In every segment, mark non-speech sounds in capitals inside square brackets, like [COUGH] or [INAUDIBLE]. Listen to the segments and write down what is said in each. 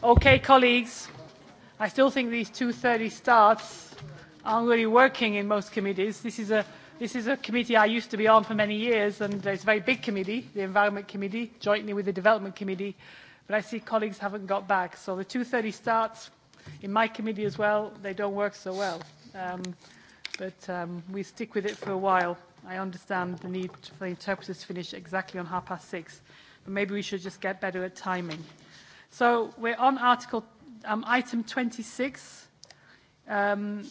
Okay, colleagues, I still think these 2.30 starts aren't really working in most committees. This is, a, this is a committee I used to be on for many years, and it's a very big committee, the Environment Committee, jointly with the Development Committee, but I see colleagues haven't got back. So the 2.30 starts in my committee as well, they don't work so well. Um, but um, we stick with it for a while. I understand the need for the interpreters to finish exactly on half past six, but maybe we should just get better at timing. So we're on Article um, item 26 um,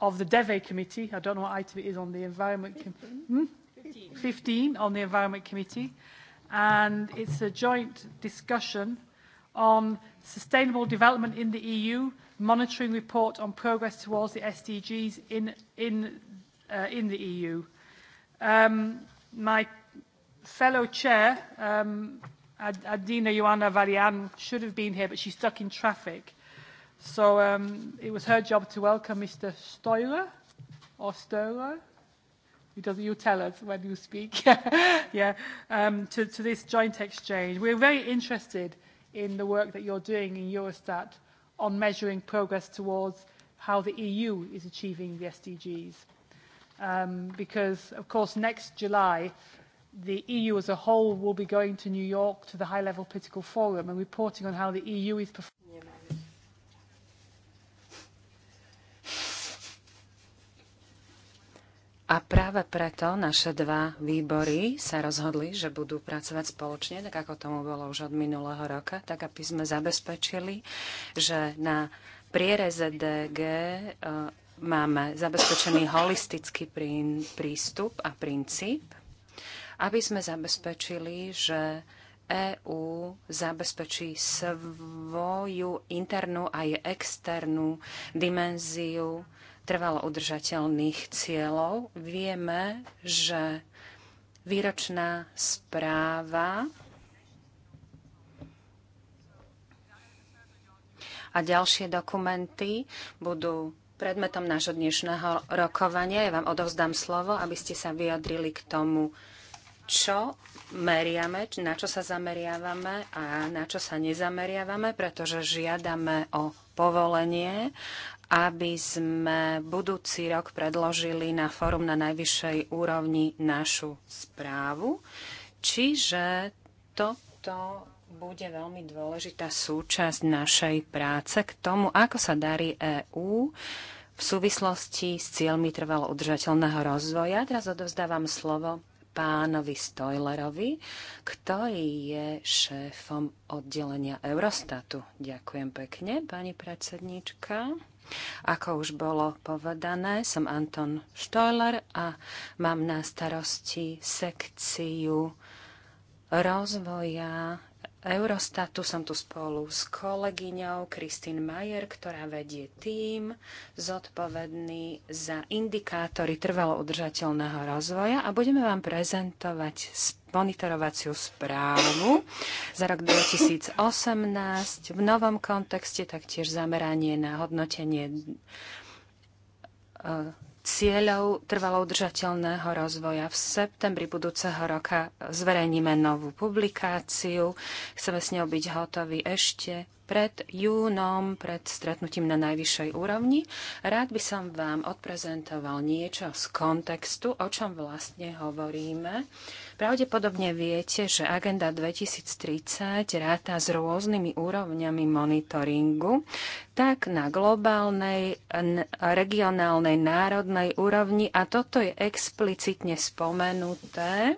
of the DEVE committee. I don't know what item it is on the Environment Committee. Hmm? 15. 15 on the Environment Committee. And it's a joint discussion on sustainable development in the EU, monitoring report on progress towards the SDGs in, in, uh, in the EU. Um, my fellow chair, um, Adina Joanna Varian should have been here, but she's stuck in traffic. So um, it was her job to welcome Mr. Stoyler or Störer. you tell us when you speak. [LAUGHS] yeah, um, to, to this joint exchange. We're very interested in the work that you're doing in Eurostat on measuring progress towards how the EU is achieving the SDGs. Um, because, of course, next July the EU as a whole will be going to New York to the High Level Political Forum and reporting on how the EU is performing. A práve preto naše dva výbory sa rozhodli, že budú pracovať spoločne, tak ako tomu bolo už od minulého roka, tak aby sme zabezpečili, že na priereze DG e, máme zabezpečený holistický prístup a princíp aby sme zabezpečili, že EÚ zabezpečí svoju internú aj externú dimenziu trvalo udržateľných cieľov. Vieme, že výročná správa a ďalšie dokumenty budú predmetom nášho dnešného rokovania. Ja vám odovzdám slovo, aby ste sa vyjadrili k tomu čo meriame, na čo sa zameriavame a na čo sa nezameriavame, pretože žiadame o povolenie, aby sme budúci rok predložili na fórum na najvyššej úrovni našu správu. Čiže toto bude veľmi dôležitá súčasť našej práce k tomu, ako sa darí EÚ v súvislosti s cieľmi trvalo udržateľného rozvoja. Teraz odovzdávam slovo pánovi Stojlerovi, ktorý je šéfom oddelenia Eurostatu. Ďakujem pekne, pani predsedníčka. Ako už bolo povedané, som Anton Štojler a mám na starosti sekciu rozvoja Eurostatu. Som tu spolu s kolegyňou Kristín Majer, ktorá vedie tým zodpovedný za indikátory trvalo udržateľného rozvoja a budeme vám prezentovať monitorovaciu správu za rok 2018 v novom kontexte, taktiež zameranie na hodnotenie e, cieľov trvalo udržateľného rozvoja. V septembri budúceho roka zverejníme novú publikáciu. Chceme s ňou byť hotoví ešte pred júnom, pred stretnutím na najvyššej úrovni. Rád by som vám odprezentoval niečo z kontextu, o čom vlastne hovoríme Pravdepodobne viete, že Agenda 2030 ráta s rôznymi úrovňami monitoringu, tak na globálnej, regionálnej, národnej úrovni a toto je explicitne spomenuté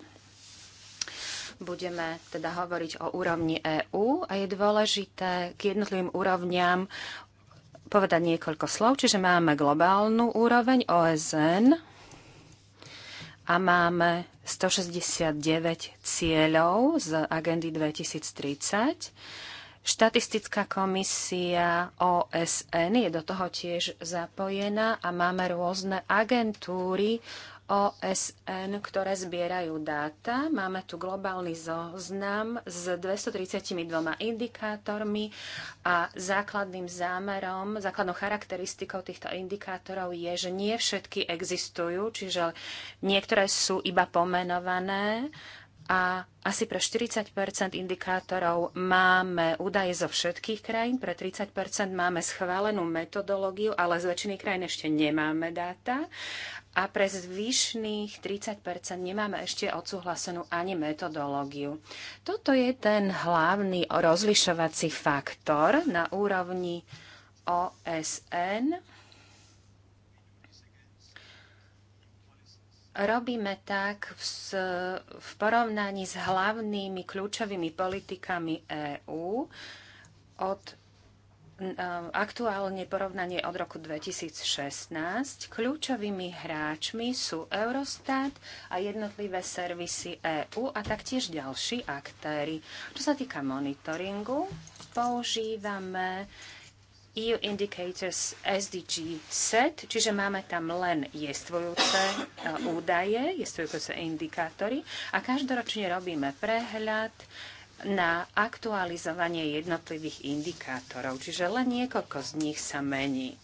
budeme teda hovoriť o úrovni EÚ a je dôležité k jednotlivým úrovniam povedať niekoľko slov. Čiže máme globálnu úroveň OSN, a máme 169 cieľov z agendy 2030. Štatistická komisia OSN je do toho tiež zapojená a máme rôzne agentúry OSN, ktoré zbierajú dáta. Máme tu globálny zoznam s 232 indikátormi a základným zámerom, základnou charakteristikou týchto indikátorov je, že nie všetky existujú, čiže niektoré sú iba pomenované a asi pre 40 indikátorov máme údaje zo všetkých krajín, pre 30 máme schválenú metodológiu, ale z väčšiny krajín ešte nemáme dáta a pre zvyšných 30 nemáme ešte odsúhlasenú ani metodológiu. Toto je ten hlavný rozlišovací faktor na úrovni OSN robíme tak v, v porovnaní s hlavnými kľúčovými politikami EÚ od e, aktuálne porovnanie od roku 2016. Kľúčovými hráčmi sú Eurostat a jednotlivé servisy EÚ a taktiež ďalší aktéry. Čo sa týka monitoringu, používame EU Indicators SDG set, čiže máme tam len jestvujúce e, údaje, jestvujúce indikátory a každoročne robíme prehľad na aktualizovanie jednotlivých indikátorov, čiže len niekoľko z nich sa mení.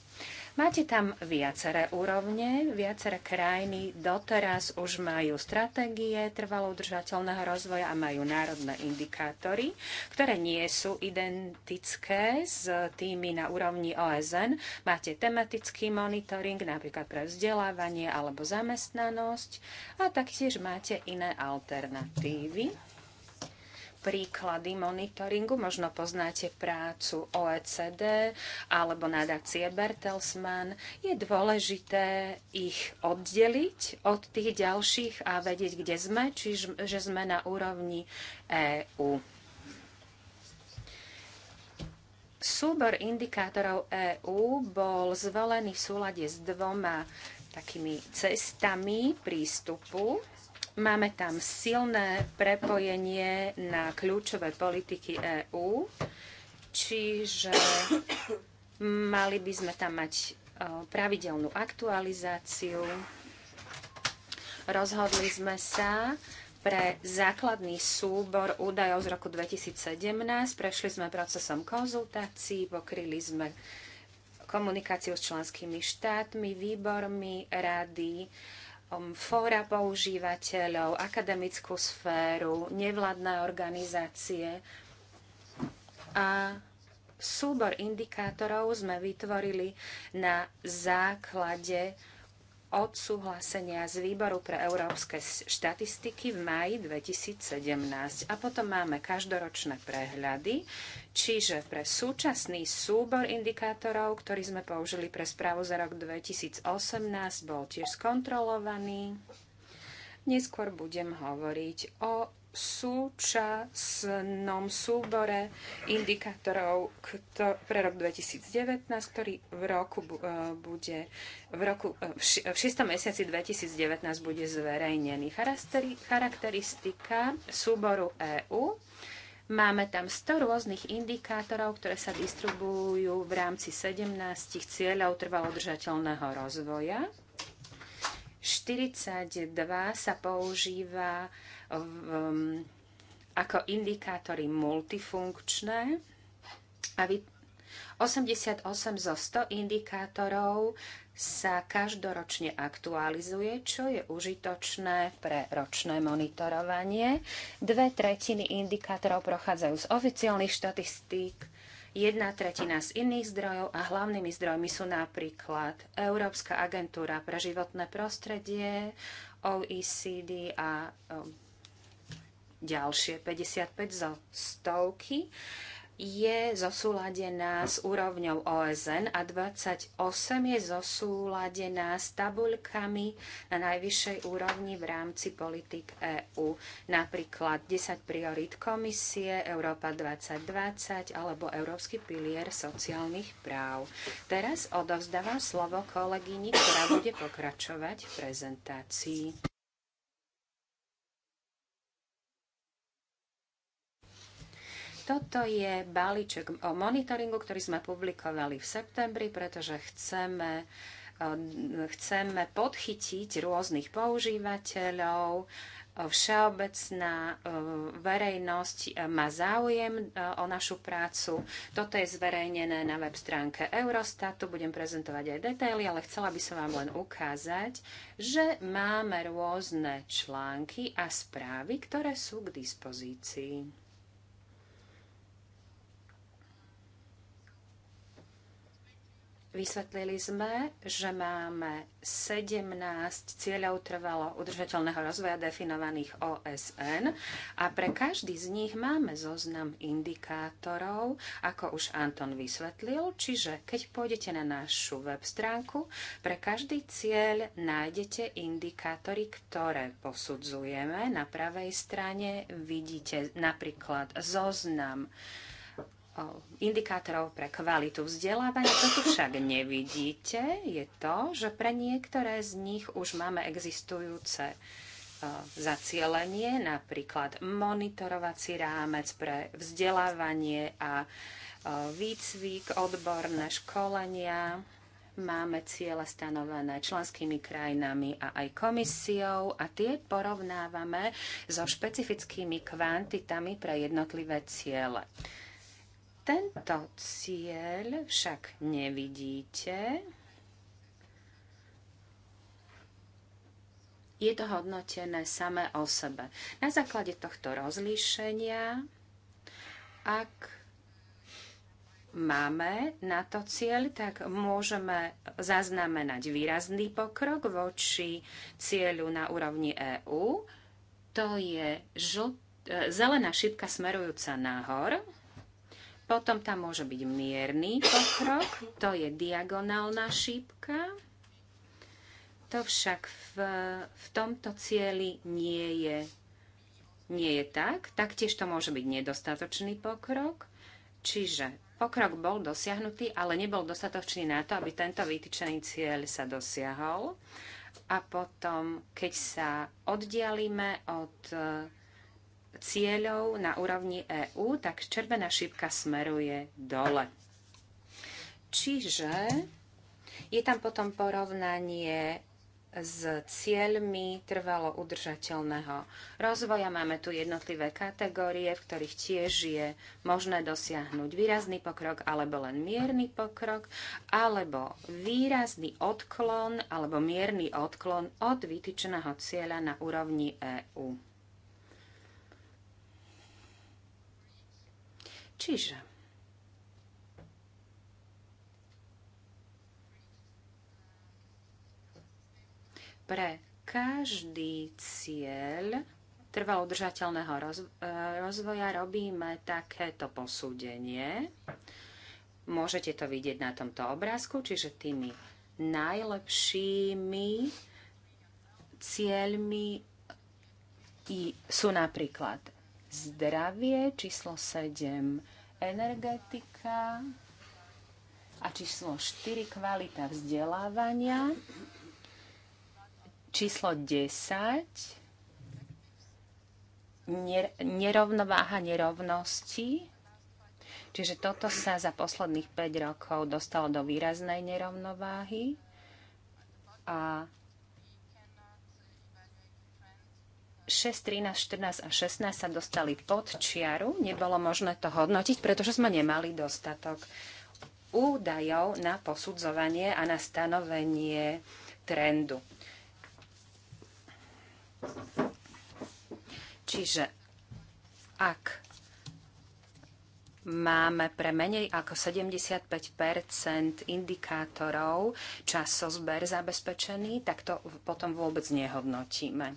Máte tam viaceré úrovne, viaceré krajiny doteraz už majú stratégie trvalo udržateľného rozvoja a majú národné indikátory, ktoré nie sú identické s tými na úrovni OSN. Máte tematický monitoring, napríklad pre vzdelávanie alebo zamestnanosť a taktiež máte iné alternatívy príklady monitoringu. Možno poznáte prácu OECD alebo nadácie Bertelsmann. Je dôležité ich oddeliť od tých ďalších a vedieť, kde sme, čiže že sme na úrovni EÚ. Súbor indikátorov EÚ bol zvolený v súlade s dvoma takými cestami prístupu Máme tam silné prepojenie na kľúčové politiky EÚ, čiže mali by sme tam mať e, pravidelnú aktualizáciu. Rozhodli sme sa, pre základný súbor údajov z roku 2017. Prešli sme procesom konzultácií, pokryli sme komunikáciu s členskými štátmi, výbormi, rady, Um, fóra používateľov, akademickú sféru, nevládne organizácie a súbor indikátorov sme vytvorili na základe odsúhlasenia z Výboru pre európske štatistiky v maji 2017. A potom máme každoročné prehľady, čiže pre súčasný súbor indikátorov, ktorý sme použili pre správu za rok 2018, bol tiež skontrolovaný. Neskôr budem hovoriť o súčasnom súbore indikátorov pre rok 2019, ktorý v roku e, bude v, roku, e, v 6. mesiaci 2019 bude zverejnený. Charakteristika súboru EÚ. Máme tam 100 rôznych indikátorov, ktoré sa distribujú v rámci 17 cieľov trvalo rozvoja 42 sa používa v, um, ako indikátory multifunkčné a vy, 88 zo 100 indikátorov sa každoročne aktualizuje, čo je užitočné pre ročné monitorovanie. Dve tretiny indikátorov prochádzajú z oficiálnych štatistík jedna tretina z iných zdrojov a hlavnými zdrojmi sú napríklad Európska agentúra pre životné prostredie, OECD a um, ďalšie 55 zo stovky je zosúladená s úrovňou OSN a 28 je zosúladená s tabuľkami na najvyššej úrovni v rámci politik EÚ. Napríklad 10 priorít komisie, Európa 2020 alebo Európsky pilier sociálnych práv. Teraz odovzdávam slovo kolegyni, ktorá bude pokračovať v prezentácii. Toto je balíček o monitoringu, ktorý sme publikovali v septembri, pretože chceme eh, chceme podchytiť rôznych používateľov, všeobecná eh, verejnosť eh, má záujem o našu prácu. Toto je zverejnené na web stránke Eurostatu, budem prezentovať aj detaily, ale chcela by som vám len ukázať, že máme rôzne články a správy, ktoré sú k dispozícii. Vysvetlili sme, že máme 17 cieľov trvalo udržateľného rozvoja definovaných OSN a pre každý z nich máme zoznam indikátorov, ako už Anton vysvetlil, čiže keď pôjdete na našu web stránku, pre každý cieľ nájdete indikátory, ktoré posudzujeme. Na pravej strane vidíte napríklad zoznam indikátorov pre kvalitu vzdelávania. To tu však nevidíte, je to, že pre niektoré z nich už máme existujúce e, zacielenie, napríklad monitorovací rámec pre vzdelávanie a e, výcvik, odborné školenia. Máme ciele stanovené členskými krajinami a aj komisiou a tie porovnávame so špecifickými kvantitami pre jednotlivé ciele. Tento cieľ však nevidíte. Je to hodnotené samé o sebe. Na základe tohto rozlíšenia, ak máme na to cieľ, tak môžeme zaznamenať výrazný pokrok voči cieľu na úrovni EÚ. To je žl- e, zelená šipka smerujúca nahor. Potom tam môže byť mierny pokrok, to je diagonálna šípka. To však v, v tomto cieli nie je, nie je tak. Taktiež to môže byť nedostatočný pokrok, čiže pokrok bol dosiahnutý, ale nebol dostatočný na to, aby tento vytýčený cieľ sa dosiahol. A potom, keď sa oddialíme od cieľov na úrovni EÚ, tak červená šípka smeruje dole. Čiže je tam potom porovnanie s cieľmi trvalo udržateľného rozvoja. Máme tu jednotlivé kategórie, v ktorých tiež je možné dosiahnuť výrazný pokrok alebo len mierny pokrok, alebo výrazný odklon alebo mierny odklon od vytýčeného cieľa na úrovni EÚ. Čiže pre každý cieľ trvalo udržateľného e, rozvoja robíme takéto posúdenie. Môžete to vidieť na tomto obrázku, čiže tými najlepšími cieľmi sú napríklad zdravie číslo 7, energetika a číslo 4 kvalita vzdelávania, číslo 10 nerovnováha nerovnosti. Čiže toto sa za posledných 5 rokov dostalo do výraznej nerovnováhy a 6, 13, 14 a 16 sa dostali pod čiaru. Nebolo možné to hodnotiť, pretože sme nemali dostatok údajov na posudzovanie a na stanovenie trendu. Čiže ak máme pre menej ako 75 indikátorov časozber zabezpečený, tak to potom vôbec nehodnotíme.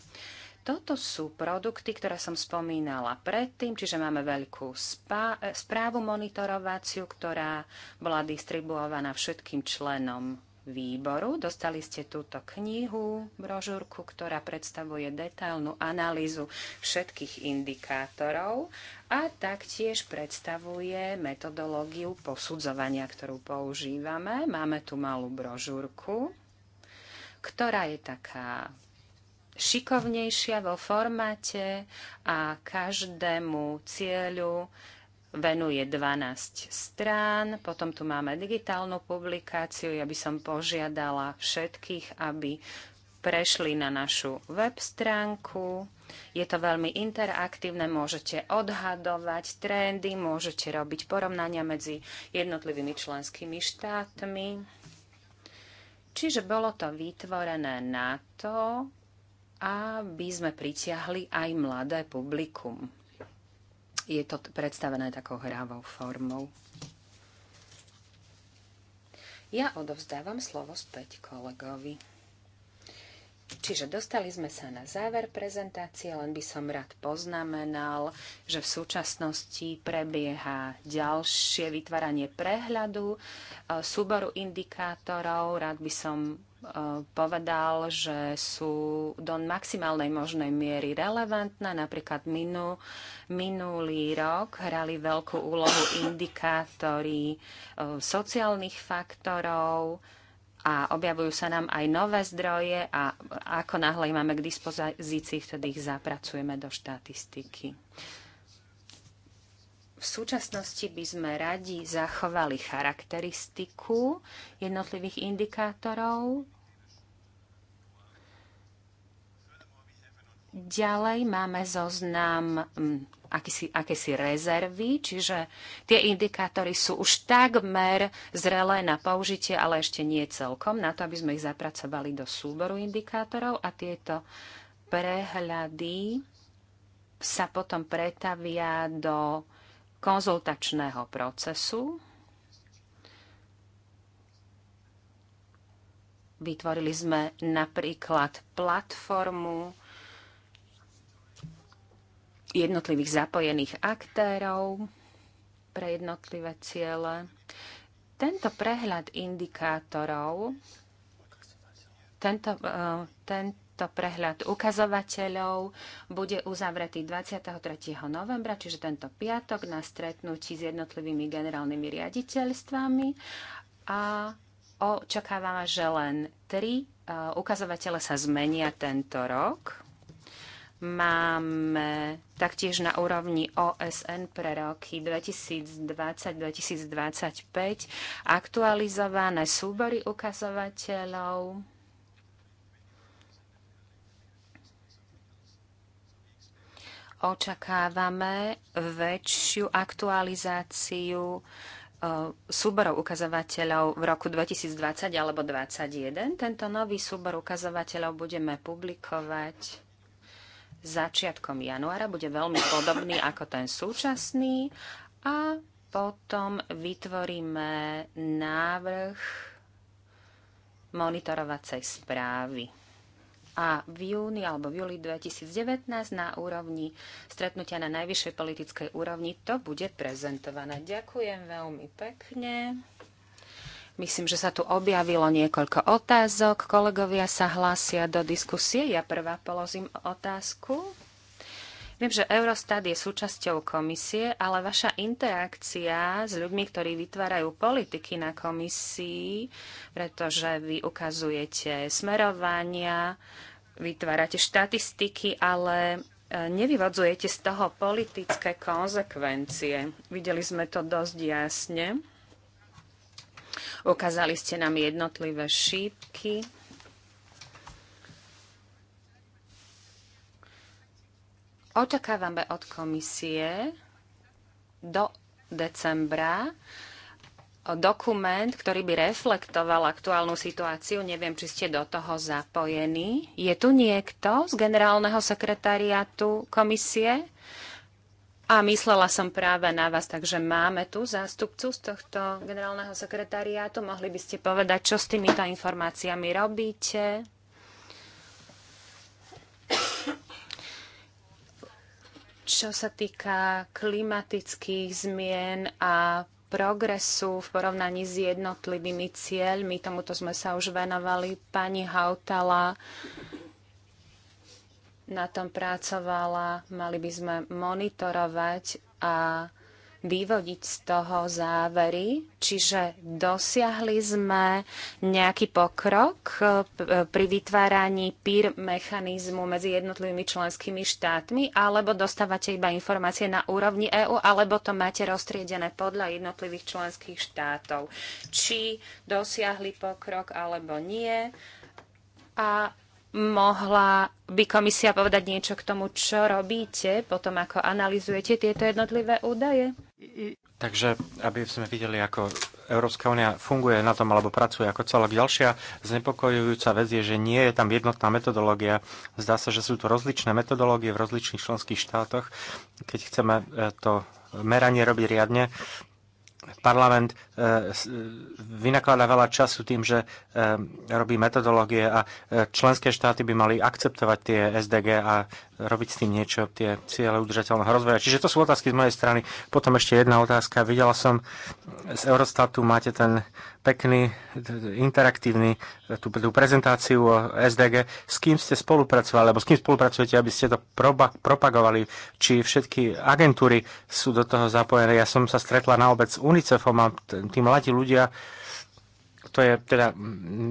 Toto sú produkty, ktoré som spomínala predtým, čiže máme veľkú spá- e, správu monitorovaciu, ktorá bola distribuovaná všetkým členom výboru. Dostali ste túto knihu, brožúrku, ktorá predstavuje detailnú analýzu všetkých indikátorov a taktiež predstavuje metodológiu posudzovania, ktorú používame. Máme tu malú brožúrku, ktorá je taká šikovnejšia vo formáte a každému cieľu venuje 12 strán. Potom tu máme digitálnu publikáciu. Ja by som požiadala všetkých, aby prešli na našu web stránku. Je to veľmi interaktívne, môžete odhadovať trendy, môžete robiť porovnania medzi jednotlivými členskými štátmi. Čiže bolo to vytvorené na to, aby sme pritiahli aj mladé publikum. Je to predstavené takou hravou formou. Ja odovzdávam slovo späť kolegovi. Čiže dostali sme sa na záver prezentácie, len by som rád poznamenal, že v súčasnosti prebieha ďalšie vytváranie prehľadu, eh, súboru indikátorov. Rád by som povedal, že sú do maximálnej možnej miery relevantné. Napríklad minu, minulý rok hrali veľkú úlohu indikátory e, sociálnych faktorov, a objavujú sa nám aj nové zdroje a ako náhle ich máme k dispozícii, vtedy ich zapracujeme do štatistiky. V súčasnosti by sme radi zachovali charakteristiku jednotlivých indikátorov. Ďalej máme zoznam mm, akési, akési rezervy, čiže tie indikátory sú už takmer zrelé na použitie, ale ešte nie celkom, na to, aby sme ich zapracovali do súboru indikátorov a tieto prehľady sa potom pretavia do konzultačného procesu. Vytvorili sme napríklad platformu jednotlivých zapojených aktérov pre jednotlivé ciele. Tento prehľad indikátorov, tento, eh, tento tento prehľad ukazovateľov bude uzavretý 23. novembra, čiže tento piatok na stretnutí s jednotlivými generálnymi riaditeľstvami a očakávam, že len tri e, ukazovatele sa zmenia tento rok. Máme taktiež na úrovni OSN pre roky 2020-2025 aktualizované súbory ukazovateľov očakávame väčšiu aktualizáciu e, súborov ukazovateľov v roku 2020 alebo 2021. Tento nový súbor ukazovateľov budeme publikovať začiatkom januára. Bude veľmi podobný ako ten súčasný a potom vytvoríme návrh monitorovacej správy a v júni alebo v júli 2019 na úrovni stretnutia na najvyššej politickej úrovni to bude prezentované. Ďakujem veľmi pekne. Myslím, že sa tu objavilo niekoľko otázok. Kolegovia sa hlásia do diskusie. Ja prvá položím otázku. Viem, že Eurostat je súčasťou komisie, ale vaša interakcia s ľuďmi, ktorí vytvárajú politiky na komisii, pretože vy ukazujete smerovania, vytvárate štatistiky, ale e, nevyvodzujete z toho politické konzekvencie. Videli sme to dosť jasne. Ukázali ste nám jednotlivé šípky Očakávame od komisie do decembra dokument, ktorý by reflektoval aktuálnu situáciu. Neviem, či ste do toho zapojení. Je tu niekto z generálneho sekretariátu komisie? A myslela som práve na vás, takže máme tu zástupcu z tohto generálneho sekretariátu. Mohli by ste povedať, čo s týmito informáciami robíte? čo sa týka klimatických zmien a progresu v porovnaní s jednotlivými cieľmi. Tomuto sme sa už venovali. Pani Hautala na tom pracovala. Mali by sme monitorovať a vyvodiť z toho závery, čiže dosiahli sme nejaký pokrok eh, eh, pri vytváraní PIR mechanizmu medzi jednotlivými členskými štátmi, alebo dostávate iba informácie na úrovni EÚ, alebo to máte roztriedené podľa jednotlivých členských štátov. Či dosiahli pokrok alebo nie. A mohla by komisia povedať niečo k tomu, čo robíte, potom ako analizujete tieto jednotlivé údaje? Takže aby sme videli, ako Európska únia funguje na tom alebo pracuje ako celok. Ďalšia znepokojujúca vec je, že nie je tam jednotná metodológia. Zdá sa, že sú tu rozličné metodológie v rozličných členských štátoch. Keď chceme eh, to meranie robiť riadne, parlament e, e, vynakladá veľa času tým, že e, robí metodológie a členské štáty by mali akceptovať tie SDG a robiť s tým niečo, tie ciele udržateľného rozvoja. Čiže to sú otázky z mojej strany. Potom ešte jedna otázka. Videla som z Eurostatu, máte ten pekný, interaktívny tú, tú prezentáciu o SDG. S kým ste spolupracovali, alebo s kým spolupracujete, aby ste to proba- propagovali? Či všetky agentúry sú do toho zapojené? Ja som sa stretla na obec s UNICEFom a tí mladí ľudia, to je teda,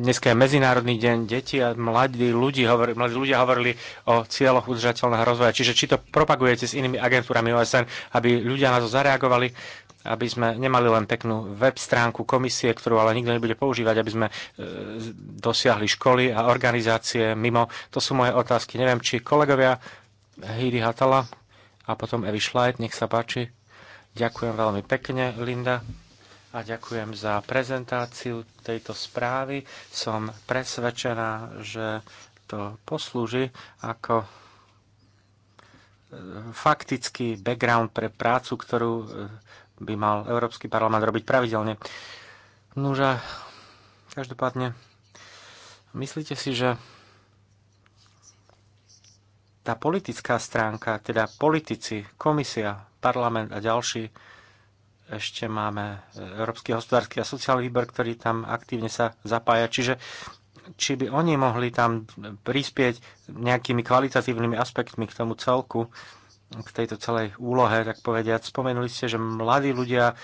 dneska je Medzinárodný deň detí a mladí, ľudí hovor, mladí ľudia hovorili o cieľoch udržateľného rozvoja. Čiže či to propagujete s inými agentúrami OSN, aby ľudia na to zareagovali, aby sme nemali len peknú web stránku komisie, ktorú ale nikto nebude používať, aby sme e, dosiahli školy a organizácie mimo. To sú moje otázky. Neviem, či kolegovia Heidi Hatala a potom Evi Schleit, nech sa páči. Ďakujem veľmi pekne, Linda, a ďakujem za prezentáciu tejto správy. Som presvedčená, že to poslúži ako e, faktický background pre prácu, ktorú e, by mal Európsky parlament robiť pravidelne. Nože, každopádne, myslíte si, že tá politická stránka, teda politici, komisia, parlament a ďalší, ešte máme e, Európsky hospodársky a sociálny výber, ktorý tam aktívne sa zapája. Čiže či by oni mohli tam prispieť nejakými kvalitatívnymi aspektmi k tomu celku, k tejto celej úlohe, tak povediať. Spomenuli ste, že mladí ľudia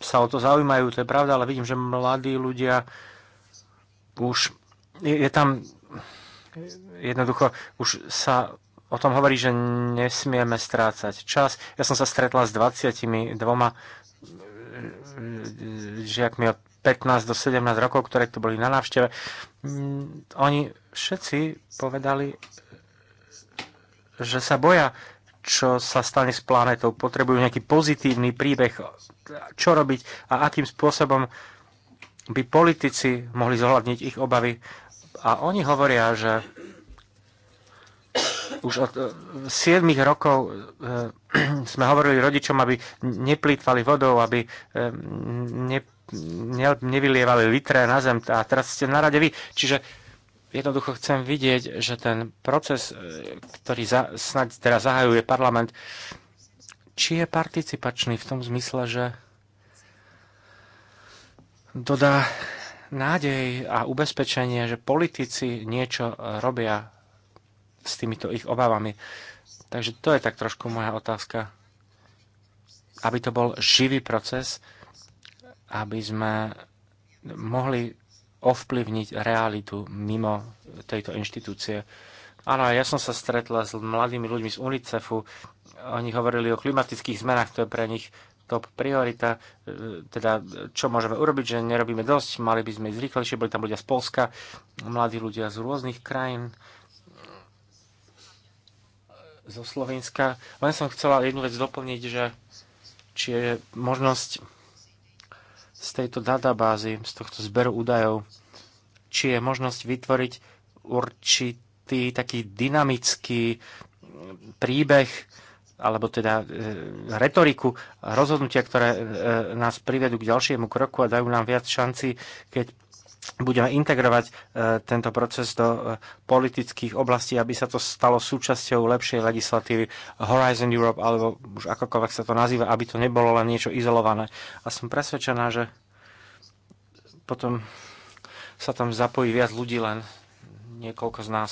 sa o to zaujímajú, to je pravda, ale vidím, že mladí ľudia už je, je tam jednoducho už sa o tom hovorí, že nesmieme strácať čas. Ja som sa stretla s 22 eh, žiakmi od 15 do 17 rokov, ktoré tu boli na návšteve. Mm, oni všetci povedali, že sa boja, čo sa stane s planetou. Potrebujú nejaký pozitívny príbeh, čo robiť a akým spôsobom by politici mohli zohľadniť ich obavy. A oni hovoria, že už od 7 eh, rokov eh, [CLEARS THROAT] sme hovorili rodičom, aby neplýtvali vodou, aby eh, ne, ne, nevylievali litre na zem a teraz ste na rade vy. Čiže jednoducho chcem vidieť, že ten proces, ktorý za, snad teraz zahajuje parlament, či je participačný v tom zmysle, že dodá nádej a ubezpečenie, že politici niečo robia s týmito ich obávami. Takže to je tak trošku moja otázka. Aby to bol živý proces, aby sme mohli ovplyvniť realitu mimo tejto inštitúcie. Áno, ja som sa stretla s mladými ľuďmi z UNICEFu. Oni hovorili o klimatických zmenách, to je pre nich top priorita, teda čo môžeme urobiť, že nerobíme dosť, mali by sme ísť rýchlejšie, boli tam ľudia z Polska, mladí ľudia z rôznych krajín, zo Slovenska. Len som chcela jednu vec doplniť, že či je možnosť z tejto databázy, z tohto zberu údajov, či je možnosť vytvoriť určitý taký dynamický príbeh, alebo teda e, retoriku rozhodnutia, ktoré e, nás privedú k ďalšiemu kroku a dajú nám viac šanci, keď budeme integrovať e, tento proces do e, politických oblastí, aby sa to stalo súčasťou lepšej legislatívy Horizon Europe, alebo už akokoľvek sa to nazýva, aby to nebolo len niečo izolované. A som presvedčená, že potom sa tam zapojí viac ľudí, len niekoľko z nás.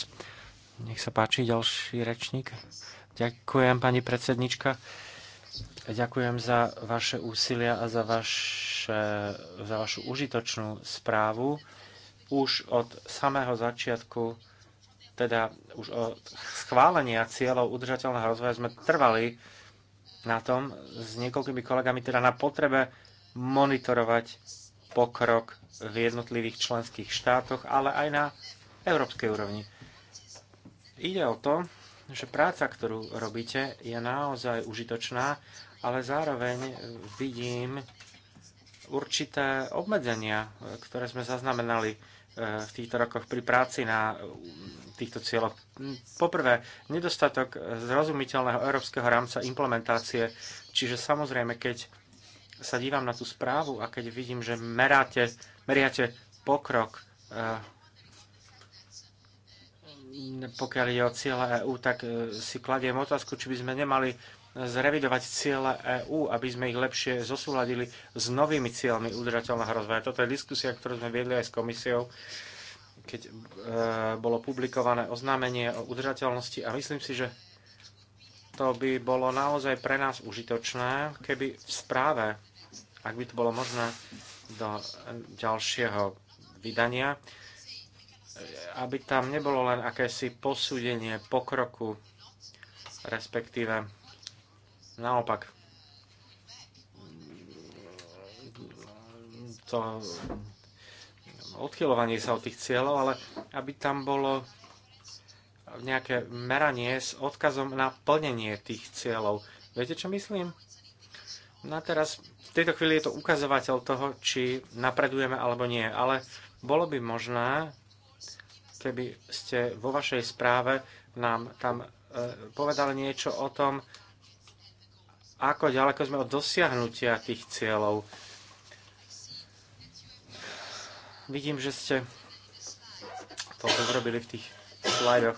Nech sa páči ďalší rečník. Ďakujem, pani predsednička. Ďakujem za vaše úsilia a za, vaše, za vašu užitočnú správu. Už od samého začiatku, teda už od schválenia cieľov udržateľného rozvoja sme trvali na tom s niekoľkými kolegami, teda na potrebe monitorovať pokrok v jednotlivých členských štátoch, ale aj na európskej úrovni. Ide o to, že práca, ktorú robíte, je naozaj užitočná ale zároveň e, vidím určité obmedzenia, e, ktoré sme zaznamenali e, v týchto rokoch pri práci na týchto cieľoch. Hm, poprvé, nedostatok zrozumiteľného európskeho rámca implementácie, čiže samozrejme, keď sa dívam na tú správu a keď vidím, že meráte, meriate pokrok, pokiaľ ide o cieľa EÚ, tak si kladiem otázku, či by sme nemali zrevidovať ciele EÚ, aby sme ich lepšie zosúladili s novými cieľmi udržateľného rozvoja. Toto je diskusia, ktorú sme viedli aj s komisiou, keď e, bolo publikované oznámenie o udržateľnosti a myslím si, že to by bolo naozaj pre nás užitočné, keby v správe, ak by to bolo možné, do ďalšieho vydania, aby tam nebolo len akési posúdenie pokroku, respektíve Naopak, to odchylovanie sa od tých cieľov, ale aby tam bolo nejaké meranie s odkazom na plnenie tých cieľov. Viete, čo myslím? No a teraz, v tejto chvíli je to ukazovateľ toho, či napredujeme alebo nie, ale bolo by možné, keby ste vo vašej správe nám tam e, povedali niečo o tom, ako ďaleko sme od dosiahnutia tých cieľov. Vidím, že ste to zrobili v tých slajdoch.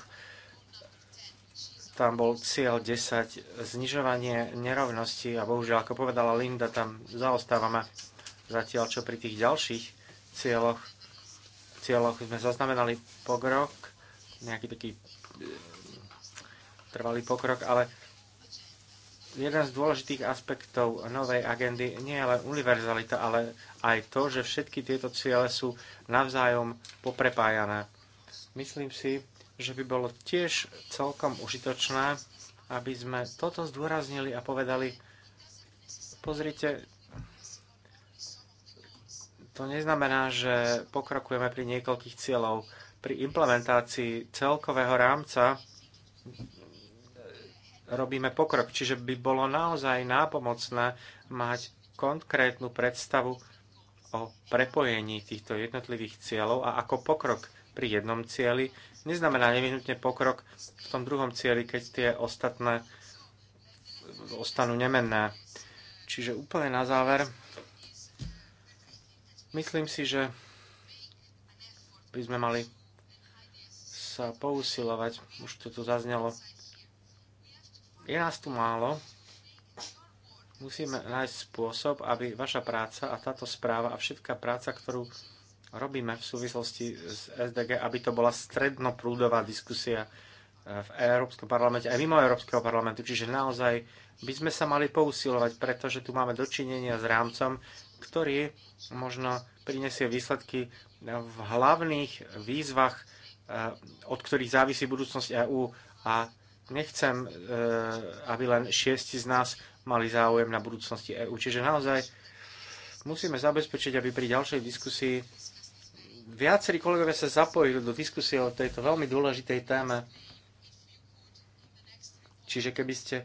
Tam bol cieľ 10, znižovanie nerovnosti a bohužiaľ, ako povedala Linda, tam zaostávame zatiaľ, čo pri tých ďalších cieľoch, cieľoch sme zaznamenali pokrok, nejaký taký e, trvalý pokrok, ale jeden z dôležitých aspektov novej agendy nie je len univerzalita, ale aj to, že všetky tieto ciele sú navzájom poprepájané. Myslím si, že by bolo tiež celkom užitočné, aby sme toto zdôraznili a povedali, pozrite, to neznamená, že pokrokujeme pri niekoľkých cieľov. Pri implementácii celkového rámca robíme pokrok. Čiže by bolo naozaj nápomocné mať konkrétnu predstavu o prepojení týchto jednotlivých cieľov a ako pokrok pri jednom cieli neznamená nevyhnutne pokrok v tom druhom cieli, keď tie ostatné ostanú nemenné. Čiže úplne na záver, myslím si, že by sme mali sa pousilovať, už to tu zaznelo, je nás tu málo. Musíme nájsť spôsob, aby vaša práca a táto správa a všetká práca, ktorú robíme v súvislosti s SDG, aby to bola strednoprúdová diskusia eh, v Európskom parlamente, aj mimo Európskeho parlamentu. Čiže naozaj by sme sa mali pousilovať, pretože tu máme dočinenia s rámcom, ktorý možno prinesie výsledky v hlavných výzvach, eh, od ktorých závisí budúcnosť EÚ a Nechcem, e, aby len šiesti z nás mali záujem na budúcnosti EÚ. Čiže naozaj musíme zabezpečiť, aby pri ďalšej diskusii viacerí kolegovia sa zapojili do diskusie o tejto veľmi dôležitej téme. Čiže keby ste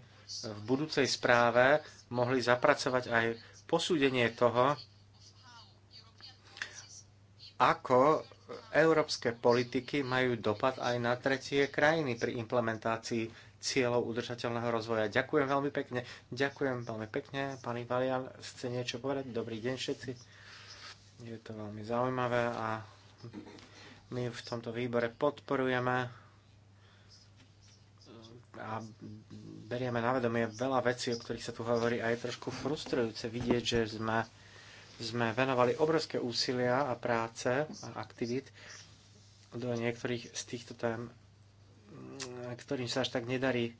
v budúcej správe mohli zapracovať aj posúdenie toho, ako európske politiky majú dopad aj na tretie krajiny pri implementácii cieľov udržateľného rozvoja. Ďakujem veľmi pekne. Ďakujem veľmi pekne. Pani Valian, chce niečo povedať? Dobrý deň všetci. Je to veľmi zaujímavé a my v tomto výbore podporujeme a berieme na vedomie veľa vecí, o ktorých sa tu hovorí a je trošku frustrujúce vidieť, že sme sme venovali obrovské úsilia a práce a aktivít do niektorých z týchto tém, mm, ktorým sa až tak nedarí,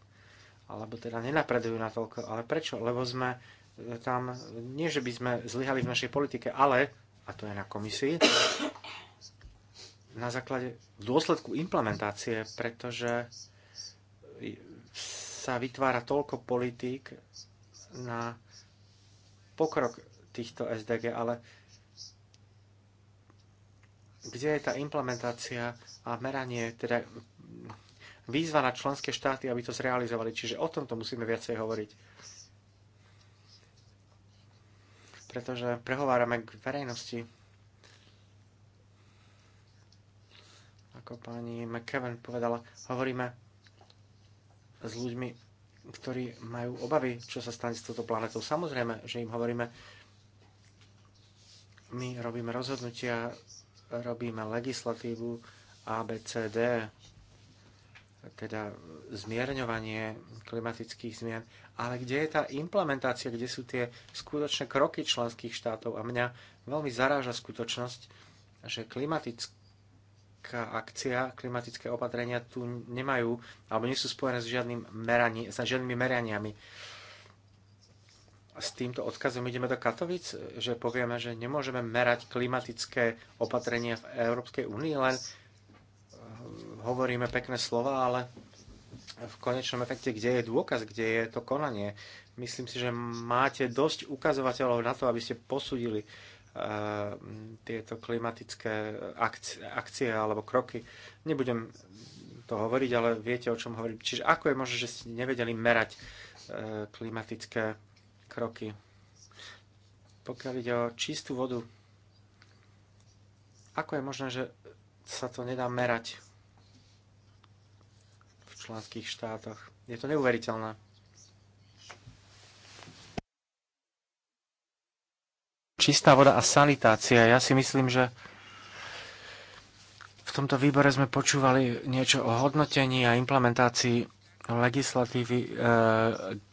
alebo teda nenapredujú natoľko. Ale prečo? Lebo sme tam, nie že by sme zlyhali v našej politike, ale, a to je na komisii, na základe v dôsledku implementácie, pretože sa vytvára toľko politík na pokrok týchto SDG, ale kde je tá implementácia a meranie, teda výzva na členské štáty, aby to zrealizovali. Čiže o tomto musíme viacej hovoriť. Pretože prehovárame k verejnosti. Ako pani McKeven povedala, hovoríme s ľuďmi, ktorí majú obavy, čo sa stane s touto planetou. Samozrejme, že im hovoríme, my robíme rozhodnutia, robíme legislatívu ABCD, teda zmierňovanie klimatických zmien, ale kde je tá implementácia, kde sú tie skutočné kroky členských štátov. A mňa veľmi zaráža skutočnosť, že klimatická akcia, klimatické opatrenia tu nemajú, alebo nie sú spojené s, žiadnym merani, s žiadnymi meraniami s týmto odkazom ideme do Katovic, že povieme, že nemôžeme merať klimatické opatrenia v Európskej únii, len eh, hovoríme pekné slova, ale v konečnom efekte, kde je dôkaz, kde je to konanie. Myslím si, že máte dosť ukazovateľov na to, aby ste posudili uh, eh, tieto klimatické akcie, akcie alebo kroky. Nebudem to hovoriť, ale viete, o čom hovorím. Čiže ako je možné, že ste nevedeli merať uh, klimatické kroky. Pokiaľ ide o čistú vodu, ako je možné, že sa to nedá merať v členských štátoch? Je to neuveriteľné. Čistá voda a sanitácia. Ja si myslím, že v tomto výbore sme počúvali niečo o hodnotení a implementácii legislatívy, e,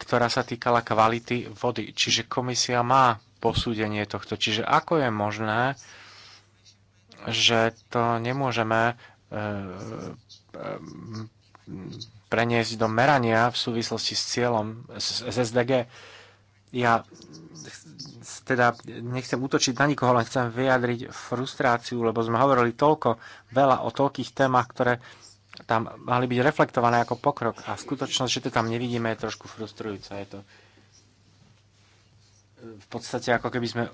ktorá sa týkala kvality vody. Čiže komisia má posúdenie tohto. Čiže ako je možné, že to nemôžeme e, e, preniesť do merania v súvislosti s cieľom z SDG. Ja teda nechcem útočiť na nikoho, len chcem vyjadriť frustráciu, lebo sme hovorili toľko veľa o toľkých témach, ktoré tam mali byť reflektované ako pokrok. A skutočnosť, že to tam nevidíme, je trošku frustrujúca. Je to e, v podstate ako keby sme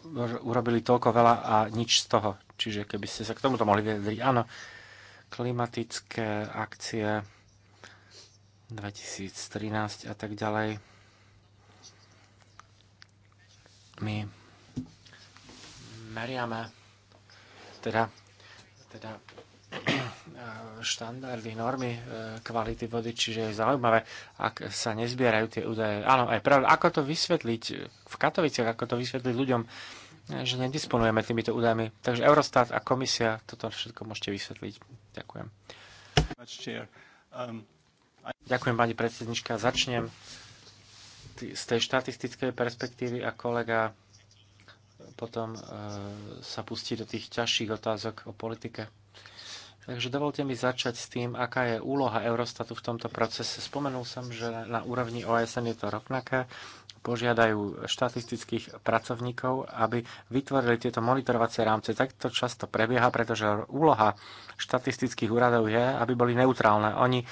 urobili toľko veľa a nič z toho. Čiže keby ste sa k tomuto mohli vyjadriť. Áno, klimatické akcie 2013 a tak ďalej. My meriame teda, teda [CLEARS THROAT] štandardy, normy e, kvality vody, čiže je zaujímavé, ak sa nezbierajú tie údaje. Áno, aj pravda. Ako to vysvetliť v Katoviciach, ako to vysvetliť ľuďom, e, že nedisponujeme týmito údajmi. Takže Eurostat a komisia, toto všetko môžete vysvetliť. Ďakujem. Ďakujem, pani predsednička. Začnem z tej štatistickej perspektívy a kolega potom e, sa pustí do tých ťažších otázok o politike. Takže dovolte mi začať s tým, aká je úloha Eurostatu v tomto procese. Spomenul som, že na úrovni OSN je to rovnaké. Požiadajú štatistických pracovníkov, aby vytvorili tieto monitorovacie rámce. Takto často prebieha, pretože úloha štatistických úradov je, aby boli neutrálne. Oni e,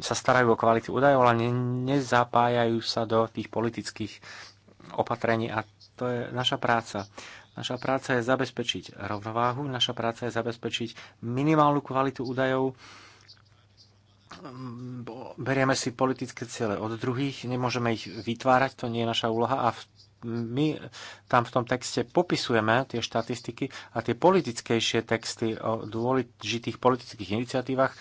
sa starajú o kvalitu údajov, ale nezapájajú sa do tých politických opatrení a to je naša práca. Naša práca je zabezpečiť rovnováhu, naša práca je zabezpečiť minimálnu kvalitu údajov. Berieme si politické ciele od druhých, nemôžeme ich vytvárať, to nie je naša úloha a my tam v tom texte popisujeme tie štatistiky a tie politickejšie texty o dôležitých politických iniciatívach,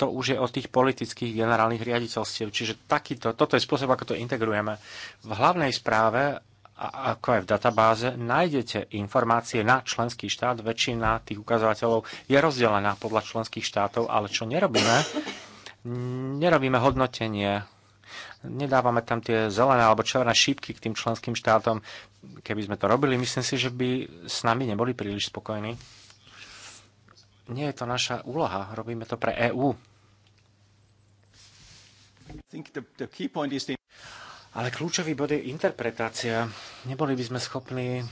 to už je od tých politických generálnych riaditeľstiev. Čiže takýto, toto je spôsob, ako to integrujeme. V hlavnej správe a ako aj v databáze, nájdete informácie na členský štát. Väčšina tých ukazovateľov je rozdelená podľa členských štátov, ale čo nerobíme, nerobíme hodnotenie, nedávame tam tie zelené alebo červené šípky k tým členským štátom. Keby sme to robili, myslím si, že by s nami neboli príliš spokojní. Nie je to naša úloha, robíme to pre EÚ. Ale kľúčový bod je interpretácia. Neboli by sme schopní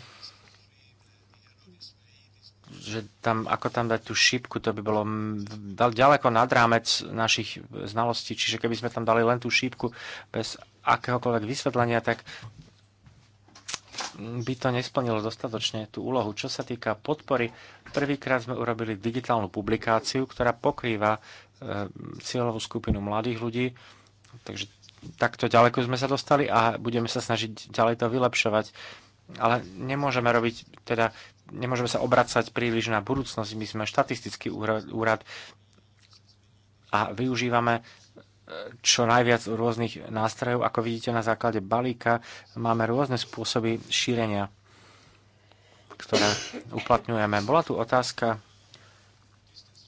že tam, ako tam dať tú šípku, to by bolo ďaleko nad rámec našich znalostí. Čiže keby sme tam dali len tú šípku bez akéhokoľvek vysvetlenia, tak by to nesplnilo dostatočne tú úlohu. Čo sa týka podpory, prvýkrát sme urobili digitálnu publikáciu, ktorá pokrýva e, cieľovú skupinu mladých ľudí, takže takto ďaleko sme sa dostali a budeme sa snažiť ďalej to vylepšovať. Ale nemôžeme robiť, teda nemôžeme sa obracať príliš na budúcnosť. My sme štatistický úrad a využívame e, čo najviac rôznych nástrojov. Ako vidíte na základe balíka, máme rôzne spôsoby šírenia, ktoré uplatňujeme. Bola tu otázka,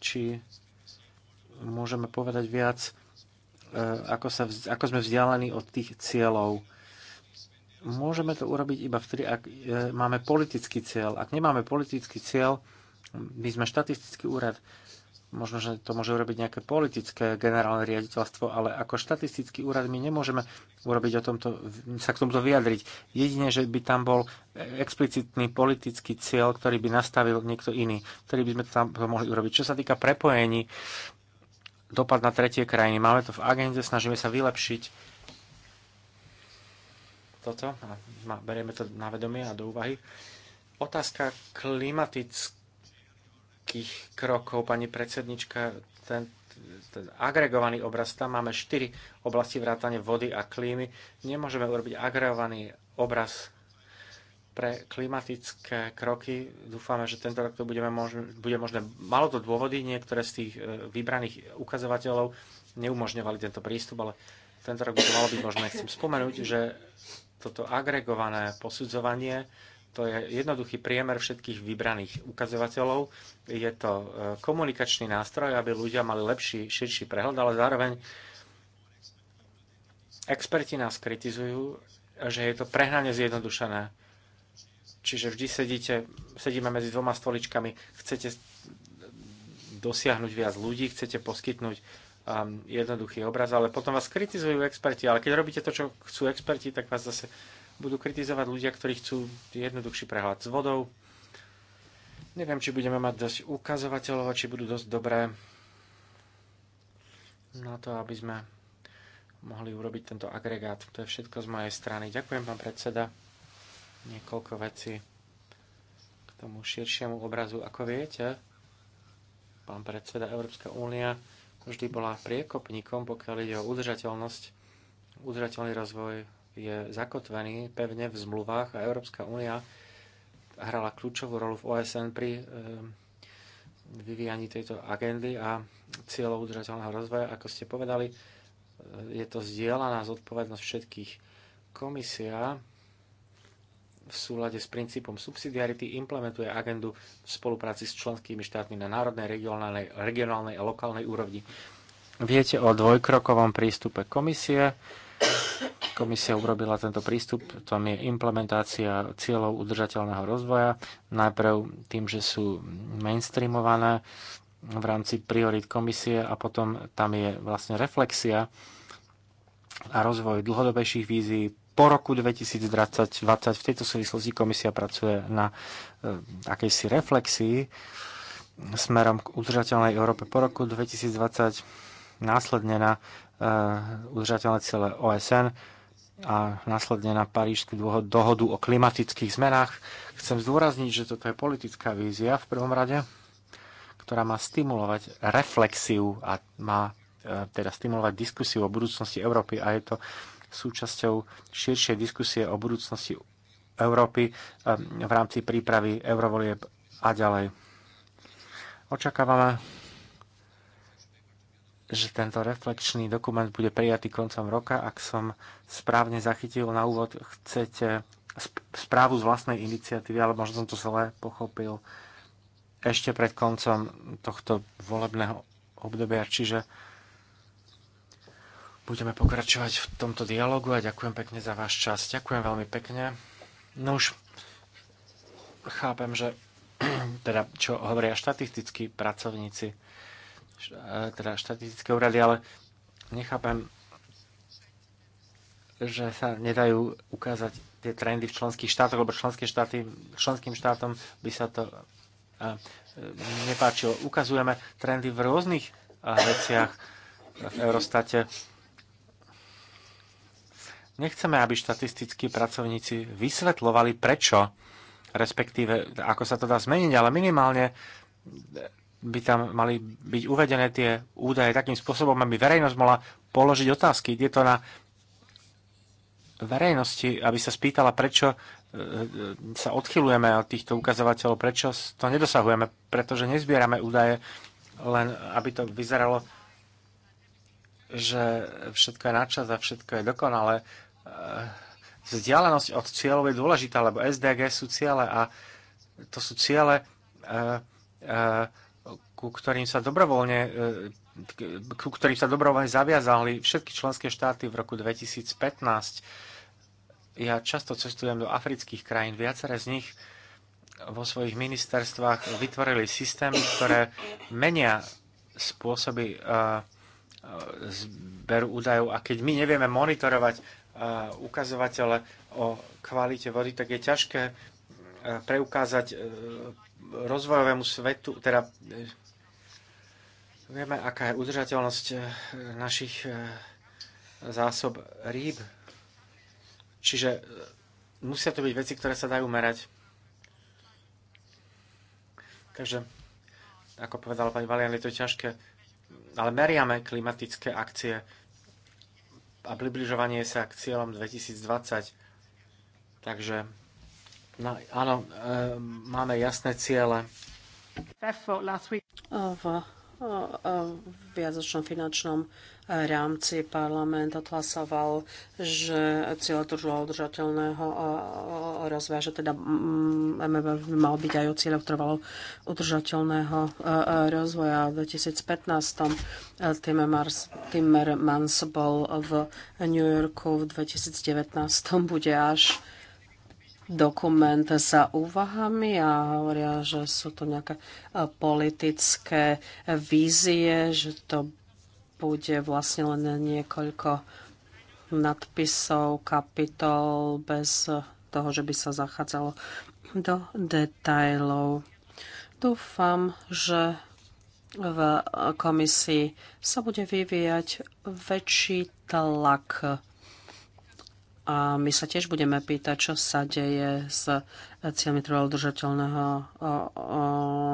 či môžeme povedať viac Eh, ako, sa, ako sme vzdialení od tých cieľov. Môžeme to urobiť iba vtedy, ak eh, máme politický cieľ. Ak nemáme politický cieľ, my sme štatistický úrad, možno, že to môže urobiť nejaké politické generálne riaditeľstvo, ale ako štatistický úrad my nemôžeme urobiť o tomto, sa k tomuto vyjadriť. Jedine, že by tam bol explicitný politický cieľ, ktorý by nastavil niekto iný, ktorý by sme tam mohli urobiť. Čo sa týka prepojení, dopad na tretie krajiny. Máme to v agende, snažíme sa vylepšiť toto a berieme to na vedomie a do úvahy. Otázka klimatických krokov, pani predsednička, ten, ten agregovaný obraz, tam máme štyri oblasti vrátane vody a klímy. Nemôžeme urobiť agregovaný obraz pre klimatické kroky. Dúfame, že tento rok to budeme možné, bude možné. Malo to dôvody, niektoré z tých e, vybraných ukazovateľov neumožňovali tento prístup, ale tento rok by to malo byť možné. Chcem spomenúť, že toto agregované posudzovanie, to je jednoduchý priemer všetkých vybraných ukazovateľov. Je to e, komunikačný nástroj, aby ľudia mali lepší, širší prehľad, ale zároveň experti nás kritizujú, že je to prehnane zjednodušené. Čiže vždy sedíte, sedíme medzi dvoma stoličkami, chcete dosiahnuť viac ľudí, chcete poskytnúť um, jednoduchý obraz, ale potom vás kritizujú experti. Ale keď robíte to, čo chcú experti, tak vás zase budú kritizovať ľudia, ktorí chcú jednoduchší prehľad s vodou. Neviem, či budeme mať dosť ukazovateľov či budú dosť dobré na to, aby sme mohli urobiť tento agregát. To je všetko z mojej strany. Ďakujem, pán predseda niekoľko vecí k tomu širšiemu obrazu. Ako viete, pán predseda Európska únia vždy bola priekopníkom, pokiaľ ide o udržateľnosť. Udržateľný rozvoj je zakotvený pevne v zmluvách a Európska únia hrala kľúčovú rolu v OSN pri eh, vyvíjaní tejto agendy a cieľov udržateľného rozvoja. Ako ste povedali, eh, je to zdieľaná zodpovednosť všetkých. Komisia v súlade s princípom subsidiarity implementuje agendu v spolupráci s členskými štátmi na národnej, regionálnej, regionálnej a lokálnej úrovni. Viete o dvojkrokovom prístupe komisie. Komisia urobila tento prístup, tam je implementácia cieľov udržateľného rozvoja, najprv tým, že sú mainstreamované v rámci priorit komisie a potom tam je vlastne reflexia a rozvoj dlhodobejších vízií, po roku 2020. V tejto súvislosti komisia pracuje na eh, akejsi reflexii smerom k udržateľnej Európe po roku 2020, následne na eh, udržateľné celé OSN a následne na Parížskú dohodu o klimatických zmenách. Chcem zdôrazniť, že toto je politická vízia v prvom rade, ktorá má stimulovať reflexiu a má eh, teda stimulovať diskusiu o budúcnosti Európy a je to súčasťou širšej diskusie o budúcnosti Európy eh, v rámci prípravy eurovolieb a ďalej. Očakávame, že tento reflekčný dokument bude prijatý koncom roka. Ak som správne zachytil na úvod, chcete správu z vlastnej iniciatívy, ale možno som to zle pochopil ešte pred koncom tohto volebného obdobia. Čiže budeme pokračovať v tomto dialogu a ďakujem pekne za váš čas. Ďakujem veľmi pekne. No už chápem, že [CLEARS THROAT] teda čo hovoria štatistickí pracovníci, e, teda štatistické úrady, ale nechápem, že sa nedajú ukázať tie trendy v členských štátoch, lebo členské štáty, členským štátom by sa to e, e, nepáčilo. Ukazujeme trendy v rôznych veciach v Eurostate Nechceme, aby štatistickí pracovníci vysvetlovali prečo, respektíve ako sa to dá zmeniť, ale minimálne by tam mali byť uvedené tie údaje takým spôsobom, aby verejnosť mohla položiť otázky. Je to na verejnosti, aby sa spýtala, prečo e, e, sa odchylujeme od týchto ukazovateľov, prečo to nedosahujeme, pretože nezbierame údaje, len aby to vyzeralo, že všetko je načas a všetko je dokonalé. Eh, vzdialenosť od cieľov je dôležitá, lebo SDG sú ciele a to sú ciele, eh, eh, ku ktorým sa dobrovoľne ku ktorým sa dobrovoľne zaviazali všetky členské štáty v roku 2015. Ja často cestujem do afrických krajín. Viaceré z nich vo svojich ministerstvách vytvorili systémy, ktoré menia spôsoby zberu údajov a keď my nevieme monitorovať ukazovatele o kvalite vody, tak je ťažké e, preukázať e, rozvojovému svetu, teda e, vieme, aká je udržateľnosť našich zásob rýb. Čiže musia to byť veci, ktoré sa dajú merať. Takže, ako povedala pani Valian, je to ťažké, ale meriame klimatické akcie a približovanie sa k cieľom 2020. Takže no, áno, e, máme jasné ciele. No, v viacročnom finančnom rámci parlament odhlasoval, že cieľa trvalo udržateľného rozvoja, že teda MMF by mal byť aj o cieľa trvalo udržateľného rozvoja. V 2015 Timmermans bol v New Yorku, v 2019 bude až dokument za úvahami a hovoria, že sú to nejaké e, politické vízie, že to bude vlastne len niekoľko nadpisov, kapitol bez toho, že by sa zachádzalo do detajlov. Dúfam, že v komisii sa bude vyvíjať väčší tlak a my sa tiež budeme pýtať, čo sa deje s cieľmi trvalo udržateľného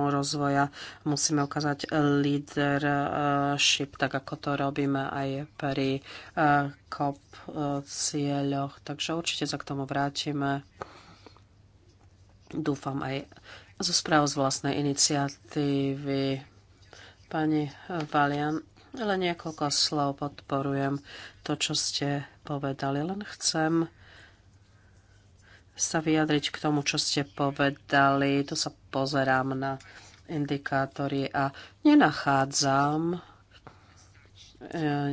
rozvoja. Musíme ukázať leadership, tak ako to robíme aj pri COP e, e, cieľoch. Takže určite sa k tomu vrátime. Dúfam aj zo správ z vlastnej iniciatívy. Pani Valian, ale niekoľko slov podporujem to, čo ste povedali. Len chcem sa vyjadriť k tomu, čo ste povedali. Tu sa pozerám na indikátory a nenachádzam e,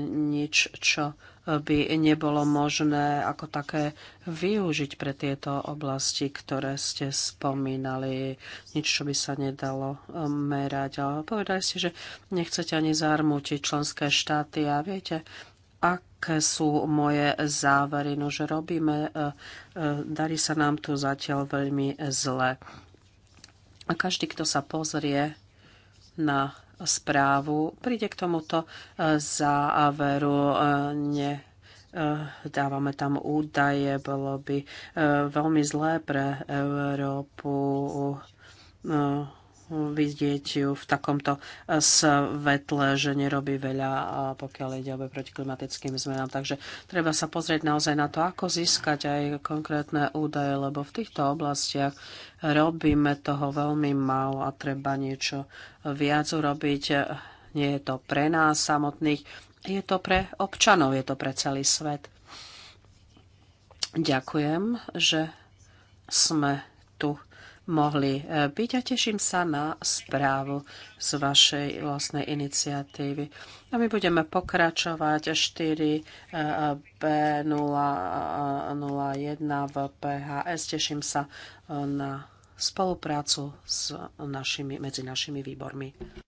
nič, čo by nebolo možné ako také využiť pre tieto oblasti, ktoré ste spomínali. Nič, čo by sa nedalo e, merať. Ale povedali ste, že nechcete ani zarmútiť členské štáty a viete, aké sú moje závery. No, že robíme, e, e, darí sa nám tu zatiaľ veľmi zle. A každý, kto sa pozrie na správu, príde k tomuto e, záveru. Ne, dávame tam údaje, bolo by veľmi zlé pre Európu vidieť ju v takomto eh, svetle, že nerobí veľa, pokiaľ ide o proti klimatickým zmenám. Takže treba sa pozrieť naozaj na to, ako získať aj konkrétne údaje, lebo v týchto oblastiach robíme toho veľmi málo a treba niečo viac urobiť. Nie je to pre nás samotných, je to pre občanov, je to pre celý svet. Ďakujem, že sme tu mohli e, byť a teším sa na správu z vašej vlastnej iniciatívy. A my budeme pokračovať 4 e, b 01 v PHS. Teším sa e, na spoluprácu s našimi, medzi našimi výbormi.